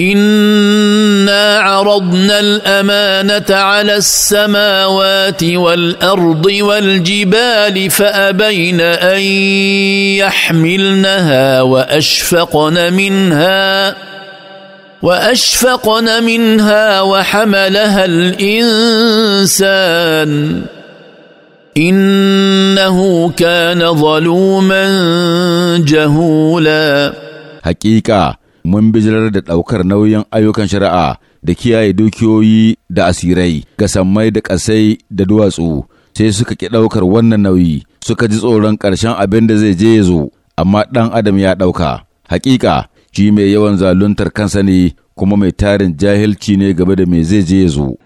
انا عرضنا الامانه على السماوات والارض والجبال فابين ان يحملنها واشفقن منها واشفقن منها وحملها الانسان انه كان ظلوما جهولا حقيقه mun bijirar da ɗaukar nauyin ayyukan shari'a da kiyaye dukiyoyi da asirai ga sammai da ƙasai da duwatsu sai suka ki ɗaukar wannan nauyi suka ji tsoron ƙarshen abin da zai je ya zo amma ɗan adam ya ɗauka Haƙiƙa, shi mai yawan zaluntar kansa ne kuma mai tarin jahilci ne game da me zai je ya zo